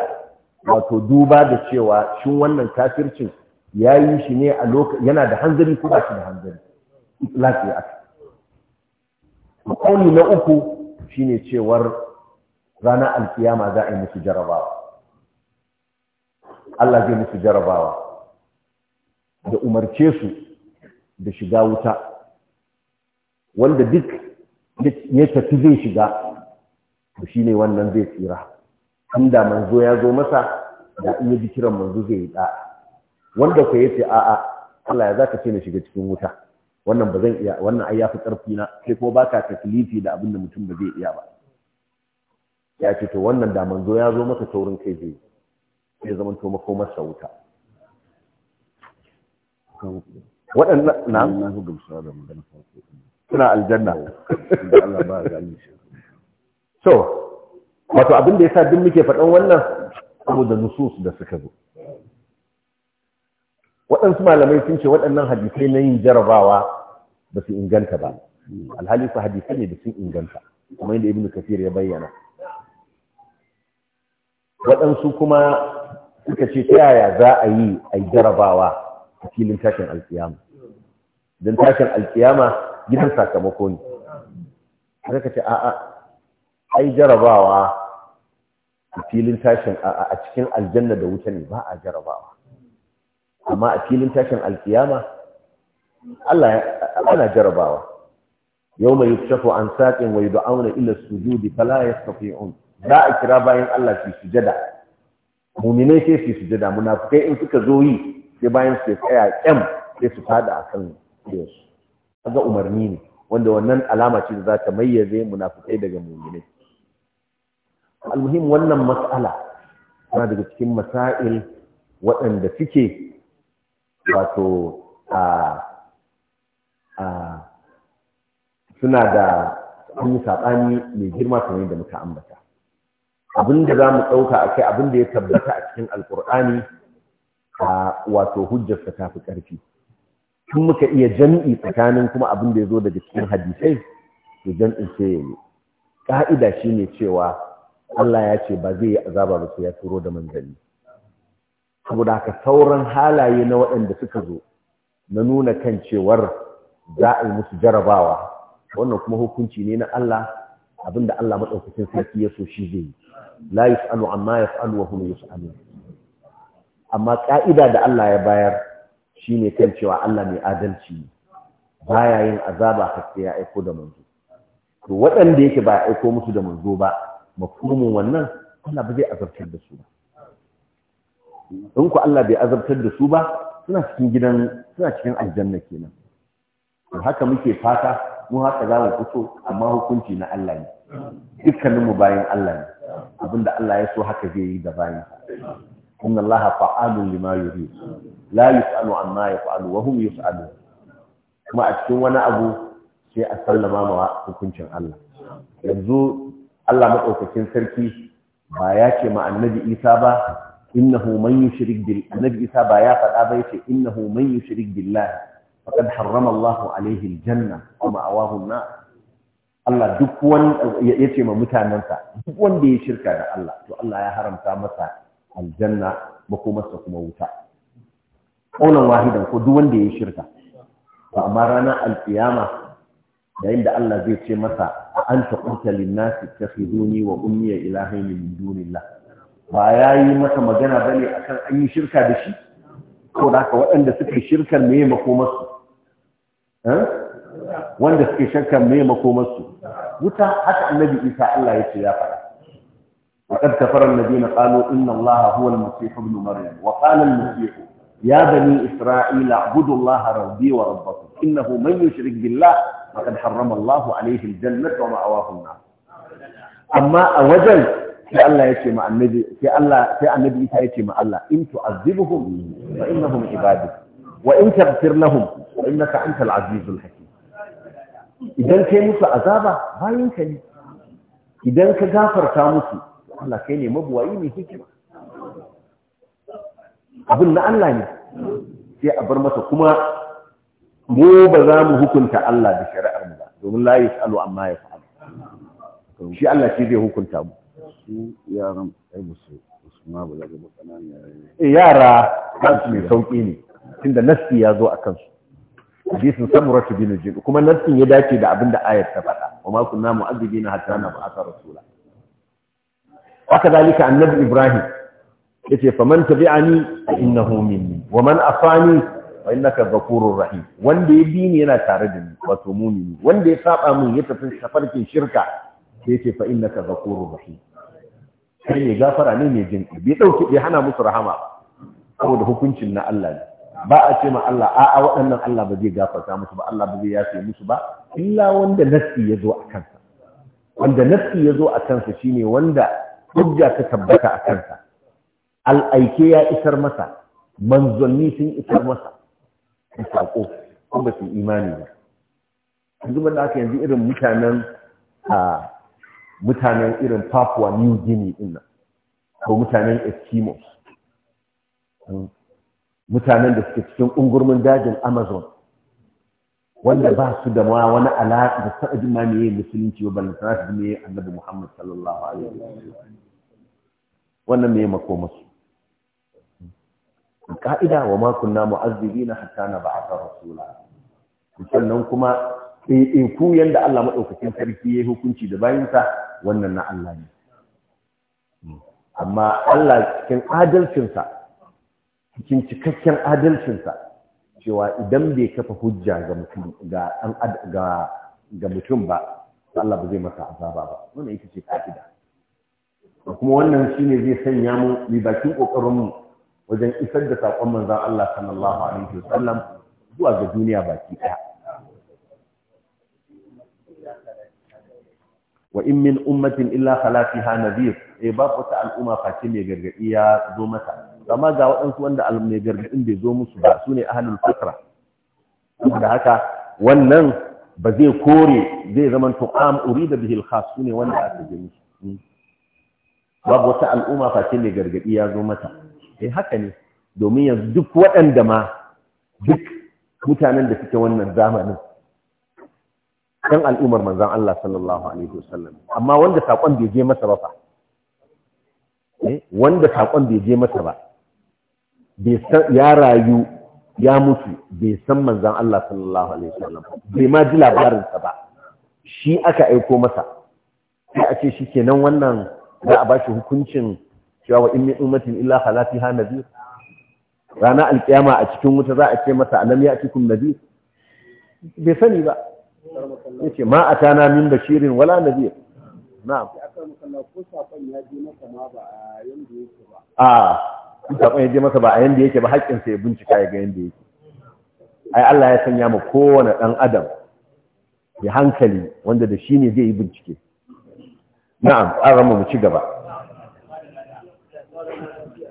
wato duba da cewa shin wannan kafircin ya yi shi ne a lokacin yana da hanzari ko shi da hanzari itlafi ya aka kauli na uku shine cewar ranar alkiyama za a yi musu jarabawa Allah zai musu jarabawa da umarce su da shiga wuta wanda duk ya tafi zai shiga to shine wannan zai tsira inda manzo ya zo masa da iya ji kiran manzo zai yi da wanda ku yace a'a Allah ya zaka ce na shiga cikin wuta wannan ba zan iya wannan ai yafi karfi na sai kuma baka taklifi da abin da mutum ba zai iya ba ya ce to wannan da manzo ya zo maka taurin kai zai zai zama to makomar sa wuta waɗannan na na fi gamsuwa da magana farko suna aljanna da Allah ba ga ni shi so wato abin da yasa duk muke faɗan wannan abu da nusus da suka zo waɗansu malamai sun ce waɗannan hadisai na yin jarabawa ba su inganta ba alhali su hadisai ne da sun inganta kuma yadda ibnu kafir ya bayyana waɗansu kuma suka ce ta yaya za a yi a jarabawa a filin tashin alkiyama don tashin alkiyama gidan sakamako ne har ka ce a'a ai jarabawa a filin tashin a cikin aljanna da wuta ne ba a jarabawa amma a filin tashin alkiyama Allah ana jarabawa Yau mai yukshafu an saqin wa yud'auna ila sujudi fala yastati'un za a kira bayan Allah su sujada mu'minai sai su sujada munafikai in suka zo yi sai bayan su tsaya kyam sai su fada a kan A ga umarni ne wanda wannan alama ce da za ta mayyaze munafikai daga mu'minai almuhim wannan matsala na daga cikin masail waɗanda suke wato a a suna da an yi saɓani mai girma kamar da muka ambata abin da za mu ɗauka a kai abin da ya tabbata a cikin alkur'ani a wato hujjarsa ta fi ƙarfi tun muka iya jam'i tsakanin kuma abin da ya zo daga cikin hadisai to jam'in sai ya yi ƙa'ida shi ne cewa Allah ya ce ba zai yi azaba ba sai ya turo da manzanni saboda haka sauran halaye na waɗanda suka zo na nuna kan cewar za a yi musu jarabawa wannan kuma hukunci ne na Allah abin da Allah maɗaukacin sarki ya so shi zai yi la yus'alu amma yaf'alu wa hum yus'alun amma ƙa'ida da Allah ya bayar shi ne kan cewa Allah mai adalci ne baya yin azaba haske ya aiko da manzo to waɗanda yake ba aiko musu da manzo ba mafhumin wannan Allah ba zai azabtar da su ba in ku Allah bai azabtar da su ba suna cikin gidan suna cikin aljanna kenan to haka muke fata mu haka za mu fito amma hukunci na Allah ne dukkaninmu bayan Allah ne abinda Allah ya so haka zai yi da bayan inna allaha fa'alun lima yurid la yus'alu amma yaf'alu wa hum yus'alun kuma a cikin wani abu sai a sallama ma hukuncin Allah yanzu Allah madaukakin sarki ba ya ce ma annabi Isa ba innahu man yushrik bil annabi Isa ba ya faɗa ba yace innahu man yushrik billahi faqad harrama Allahu alayhi aljanna wa Allah duk wani yace ma mutanansa duk wanda ya shirka da Allah to Allah ya haramta masa aljanna makomarsa kuma wuta ƙaunar wahidan ko duk wanda ya shirka ba amma ranar alƙiyama yayin da Allah zai ce masa a an ta ƙunta linnasi ta fi duni wa ummiya ilahaini min dunillah ba ya yi masa magana ba ne akan an yi shirka da shi ko da haka waɗanda suka yi shirkar me eh? wanda suke shirkar me masu wuta haka annabi isa Allah ya ce ya faɗa وقد كفر الذين قالوا إن الله هو المسيح ابن مريم وقال المسيح يا بني إسرائيل اعبدوا الله ربي وربكم إنه من يشرك بالله فقد حرم الله عليه الجنة ومأواه النار أما أوجل في الله يتي مع النبي في الله في النبي يتي مع الله إن تعذبهم فإنهم عبادك وإن تغفر لهم فإنك أنت العزيز الحكيم إذا كان مثل عذابه ما يمكن إذا كغفرت musu Allah kai ne mabuwayi mai hikima abin na Allah ne sai a bar masa kuma mu ba za mu hukunta Allah da shari'ar ba domin la yasalu amma ya fa'al shi Allah shi zai hukunta mu su yaran ai musu ma ba za ga kananan eh, yara yara kansu mai sauki ne tunda nasti ya zo a kansu hadisin samura bin jin kuma nasi ya dace da abin da ayat ta faɗa wa ma kunna mu'azzibina hatta na ba'atha rasula haka zalika annabi ibrahim yace faman tabi'ani fa innahu minni wa man afani fa innaka ghafurur rahim wanda ya bi ni yana tare da ni wato mumini wanda ya saba min ya tafi safarkin shirka ya ce fa innaka ghafurur rahim Sai ne gafara ne mai jinki bai dauki bai hana musu rahama saboda hukuncin na Allah ne ba a ce ma Allah a'a waɗannan Allah ba zai gafarta musu ba Allah ba zai yafe musu ba illa wanda nafsi ya zo a kansa wanda nafsi ya zo a kansa shine wanda hujja ta tabbata a kansa al'aike ya isar masa manzanni sun isar masa da saƙo kuma ba su imani ba yanzu ban aka yanzu irin mutanen a mutanen irin papua new guinea din nan ko mutanen eskimos mutanen da suke cikin ungurmin dajin amazon wanda ba su da ma wani alaƙa da taɓa jin ma musulunci ba balle tana su meye annabi Muhammad sallallahu alaihi wannan meye mako musu ka'ida wa ma kunna na hatta na ba'atha rasula sannan kuma in ku yanda Allah maɗaukacin sarki yayi hukunci da bayinsa wannan na Allah ne amma Allah cikin adalcinsa cikin cikakken adalcinsa cewa idan bai kafa hujja ga mutum ga ga ga mutum ba Allah ba zai masa azaba ba wannan yake ce ka'ida kuma wannan shine zai sanya mu mu bakin kokarin mu wajen isar da sakon manzon Allah sallallahu alaihi wasallam zuwa ga duniya baki ɗaya. wa in min ummatin illa khala fiha nadhir eh babu ta al'umma face mai gargadi ya zo mata amma ga waɗansu wanda alamai gargaɗin bai zo musu ba su ne ahalin fatra da haka wannan ba zai kore zai zama am uri da bihil khas su ne wanda aka gani. Hmm. babu wata al'umma face mai gargaɗi ya zo mata eh haka ne domin yanzu duk waɗanda ma duk mutanen da suke wannan zamanin kan al'ummar manzan Allah sallallahu alaihi wasallam amma wanda saƙon bai je masa ba fa eh, wanda saƙon bai je masa ba ya rayu ya mutu bai san manzan Allah sallallahu alaihi wasallam bai ma ji labarinsa ba shi aka aiko masa sai a ce shi kenan wannan za a bashi hukuncin cewa wa in ummatin illa halafi ha nabi? rana alkiyama a cikin wuta za a ce masa alam ya'tikum nabi? bai sani ba yace ma atana min bashirin wala nabi na'am a ah. in saƙon ya je masa ba a yanda yake ba haƙƙinsa ya bincika ya ga yanda yake ai Allah ya sanya mu kowane ɗan adam ya hankali wanda da shi ne zai yi bincike na'am an rama mu ci gaba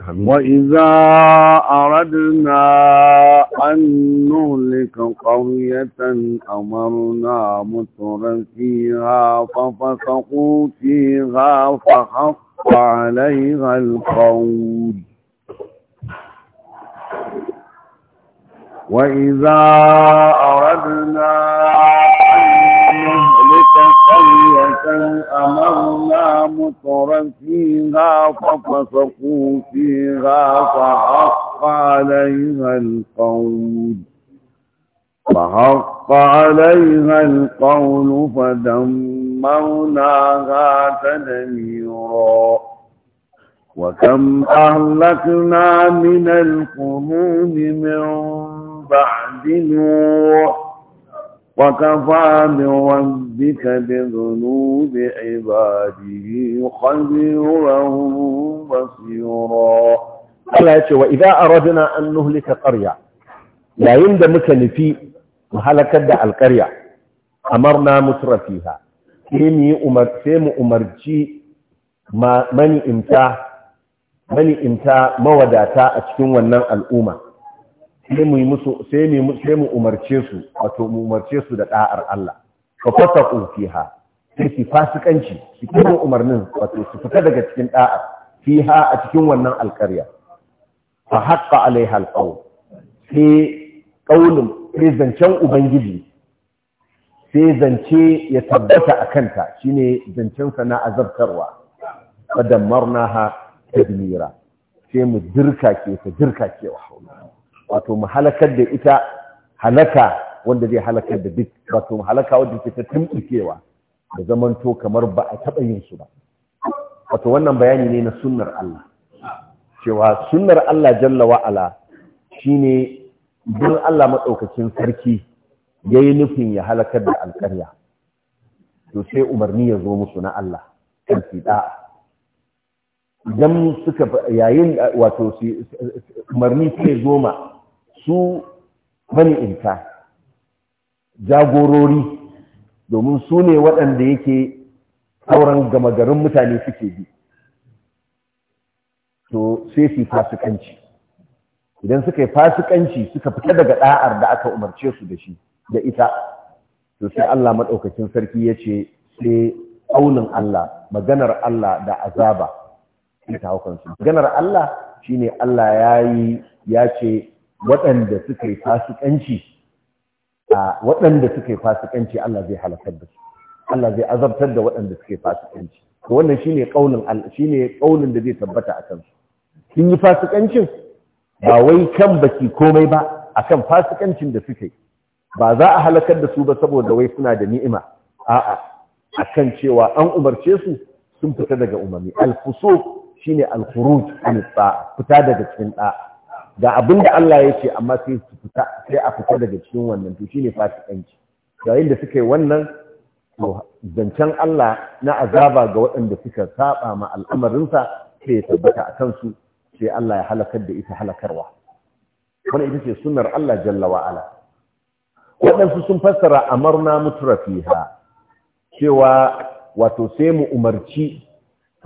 وإذا أردنا أن نهلك قرية أمرنا متر فيها ففسقوا فيها فحق عليها القول وإذا أردنا أن نهلك قرية أمرنا مطر فيها ففسقوا فيها فحق عليها القول فحق عليها القول فدمرناها تدميرا وكم أهلكنا من القرون من بعد نوح وكفى بربك بذنوب عباده خبيرا بصيرا Allah ya ce wa idan aradna an nuhlika qarya yayin da muka nufi mu halakar da alqarya amarna mutrafiha sai mu sai mu umarci mani mawadata a cikin wannan al'umma sai mu musu sai mu umarce su wato mu umarce su da ɗa'ar Allah fa fasaqu fiha sai su fasikanci su kuma umarnin wato su fita daga cikin da'ar fiha a cikin wannan alƙarya fa haqqa alaiha alqawl sai ƙaunin sai zancen ubangiji sai zance ya tabbata a kanta shine zancensa na azabtarwa ta tadmira sai mu dirka ke ta dirka ke wa haula wato mu halakar da ita halaka wanda zai halakar da duk wato mu halaka wanda ke ta tumbukewa da zaman to kamar ba a taɓa yin su ba wato wannan bayani ne na sunnar Allah cewa sunnar Allah jalla ala shine don Allah madaukakin sarki yayi nufin ya halakar da alƙarya to sai umarni ya zo musu na Allah kan fiɗa idan suka yayin wato umarni sai zo su bani inta jagorori domin su ne waɗanda yake sauran gama garin mutane suke bi to sai su fasikanci idan suka yi fasikanci suka fita daga ɗa'ar da aka umarce su da shi da ita to sai Allah maɗaukacin sarki ya ce sai aunin Allah maganar Allah da azaba ita hukunsu maganar Allah shine Allah ya yi ya ce waɗanda suka yi fasikanci a waɗanda suka yi fasikanci Allah zai halakar da su Allah zai azabtar da waɗanda suka yi fasikanci to wannan shine kaulin shine kaulin da zai tabbata a kansu kin yi fasikancin ba wai kan baki komai ba akan fasikancin da suka yi ba za a halakar da su ba saboda wai suna da ni'ima a'a akan cewa an umarce su sun fita daga umarni al-fusuq shine al-khuruj an fita daga cikin da'a ga abin da Allah ya ce amma sai su fita sai a fita daga cikin wannan to shine fasikanci yayin da suka yi wannan to zancen Allah na azaba ga waɗanda suka saba ma al'amarin sa sai ya tabbata a kansu sai Allah ya halakar da ita halakarwa wannan ita ce sunnar Allah jalla wa ala waɗansu sun fassara amarna mutrafiha cewa wato sai mu umarci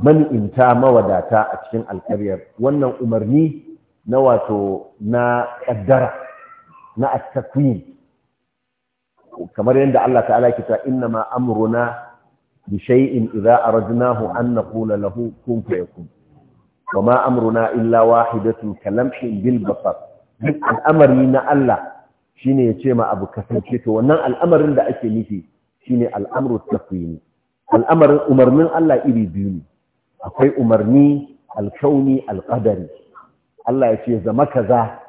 mani'inta mawadata a cikin alƙaryar wannan umarni na wato na ƙaddara na attakwin kamar yadda Allah ta'ala ke ta inna ma amruna bi shay'in idza aradnahu an naqula lahu kun fayakun wa ma amruna illa wahidatun kalamhin bil basar duk al'amari na Allah shine ya ce ma abu kasance to wannan al'amarin da ake nufi shine al'amru takwini al'amarin umarnin Allah iri biyu ne akwai umarni alkauni alqadari Allah ya ce zama kaza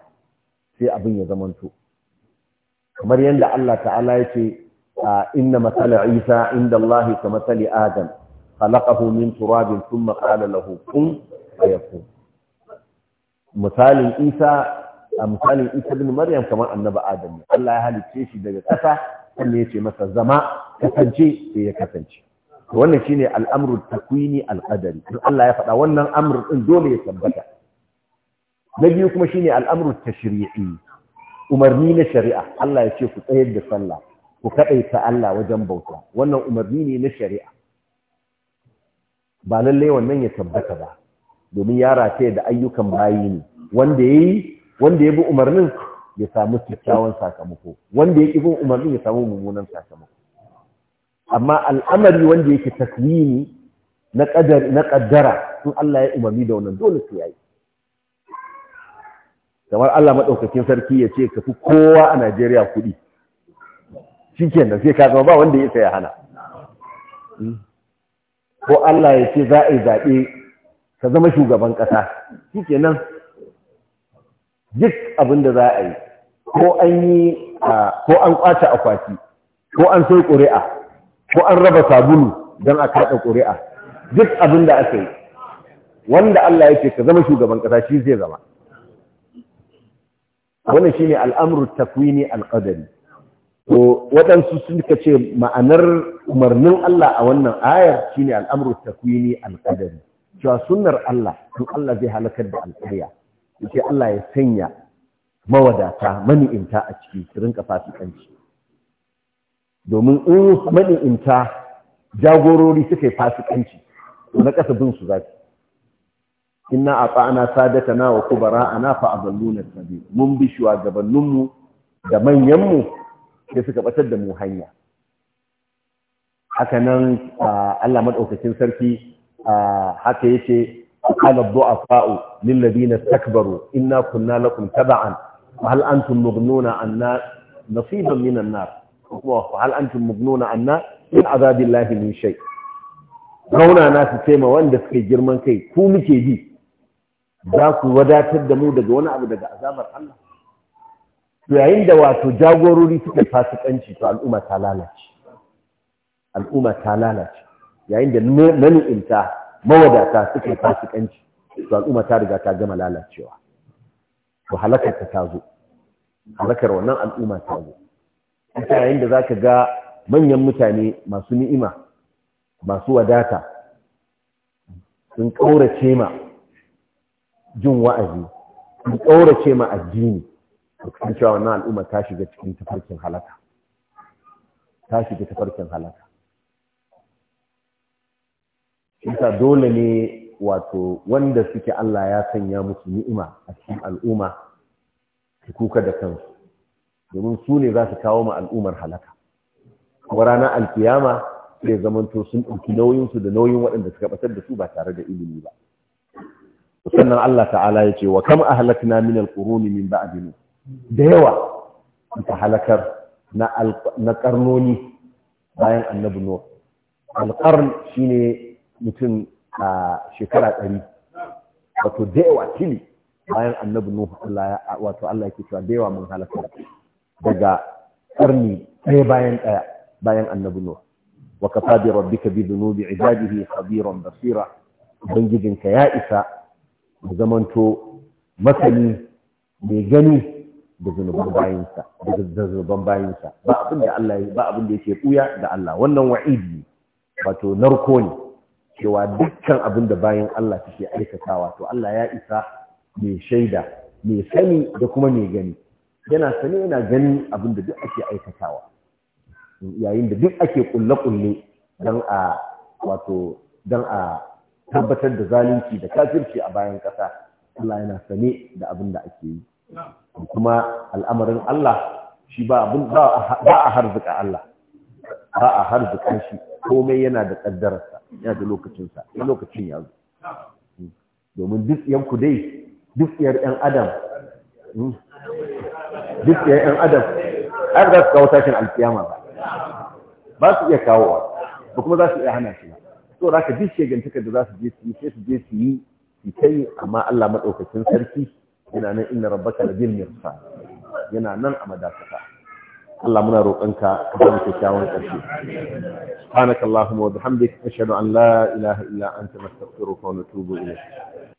sai abin ya zamanto kamar yadda Allah ta'ala ya ce inna matsala isa inda Allah ka matsali adam khalaqahu min turabin thumma qala lahu kun fayakun misalin isa a misalin isa bin maryam kamar annabi adam Allah ya halicce shi daga ƙasa sannan ya ce masa zama kasance sai ya kasance wannan shine al'amru takwini al'adari in Allah ya faɗa wannan amr din dole ya tabbata na biyu kuma shine al'amru tashri'i umarni na shari'a Allah ya ce ku tsayar da sallah ku kadaita Allah wajen bauta wannan umarni ne na shari'a ba lallai wannan ya tabbata ba domin ya rataye da ayyukan bayi ne wanda yayi wanda ya bi umarnin ya samu kyakkyawan sakamako wanda ya bin umarnin ya samu mummunan sakamako amma al'amari wanda yake takwini na ƙaddara in Allah ya umarni da wannan dole sai yayi kamar Allah maɗaukakin sarki ya ce ka fi kowa a Najeriya kuɗi shi ke da sai ka zama ba wanda ya saya hana hmm? ko Allah ya ce za a yi zaɓe ka zama shugaban ƙasa shi ke nan duk abin da za a yi ko an yi ko an ƙwace akwati ko an sai ƙuri'a ko an raba sabulu don a kaɗa ƙuri'a duk abin da aka yi wanda Allah ya ce ka zama shugaban ƙasa shi zai zama wannan shine al'amru takwini alqadari to waɗansu suka ce ma'anar umarnin Allah a wannan ayar shine al'amru takwini alqadari cewa sunnar Allah tun Allah zai halakar da alƙarya yace Allah ya sanya mawadata mani'inta a ciki su rinka fasikanci domin in mani'inta jagorori suka yi fasikanci na ƙasa bin su zaki inna ata'ana sadatana wa kubara'ana fa adalluna sabil mun bi shugabannin mu da manyan mu da suka batar da mu hanya haka nan Allah madaukakin sarki haka yace qala du'afa'u lil ladina takbaru inna kunna lakum tab'an hal antum mughnuna anna nasiban minan nar kuma hal antum mughnuna anna in azabillahi min shay rauna na su ce ma wanda suke girman kai ku muke bi za ku wadatar da mu daga wani abu daga azabar Allah to yayin da wato jagorori suke fasikanci to al'umma ta lalace al'umma ta lalace yayin da inta mawadata suke fasikanci to al'umma ta riga ta gama lalacewa to halakar ta zo halakar wannan al'umma ta zo ita yayin da zaka ga manyan mutane masu ni'ima masu wadata sun kaurace ma jin wa'azi in ƙaurace ma addini da kan cewa wannan al'umma ta shiga cikin tafarkin halaka ta shiga tafarkin halaka isa dole ne wato wanda suke Allah ya sanya musu ni'ima a cikin al'umma su kuka da kansu domin su ne za su kawo ma al'ummar halaka kuma ranar alkiyama sai zamanto sun ɗauki nauyinsu da nauyin waɗanda suka ɓatar da su ba tare da ilimi ba sannan Allah ta'ala ya ce wa kam ahlakna min alquruni min abinu da yawa ta halakar na na karnoni bayan annabi nuh alqarn shine mutum a shekara 100 wato da yawa tili bayan annabi nuh Allah wato Allah yake cewa da yawa mun halakar daga karni ɗaya bayan ɗaya bayan annabi nuh wa kafa bi rabbika bi dhunubi ibadihi khabiran basira ubangijinka ya isa mu zamanto masani mai gani da zunuban bayinsa da zunuban bayinsa ba abin da Allah ba abin da yake buya da Allah wannan wa'idi wato narko ne cewa dukkan abin da bayin Allah take aikatawa to Allah ya isa mai shaida mai sani da kuma mai gani yana sani yana gani abin da duk ake aikatawa yayin da duk ake kulle-kulle don a wato don a tabbatar da zalunci da kafirci a bayan ƙasa Allah yana sane da abin da ake yi kuma al'amarin Allah shi ba abin ba a harzuka Allah ba a harzuka shi komai yana da kaddararsa yana da lokacinsa ya lokacin ya zo domin duk yanku dai duk yar yan adam hmm, duk yar yan adam an za su kawo tashin alkiyama ba ba su iya kawowa ba kuma za su iya hana shi ba so za ka ji shegantaka da za su je su yi sai su je su yi su kai amma Allah maɗaukacin sarki yana nan inna rabbaka da bil mirsa yana nan a madafaka Allah muna roƙonka ka ba mu kyakkyawan ƙarshe subhanakallahumma wa bihamdika ashhadu an la ilaha illa anta nastaghfiruka wa natubu ilayk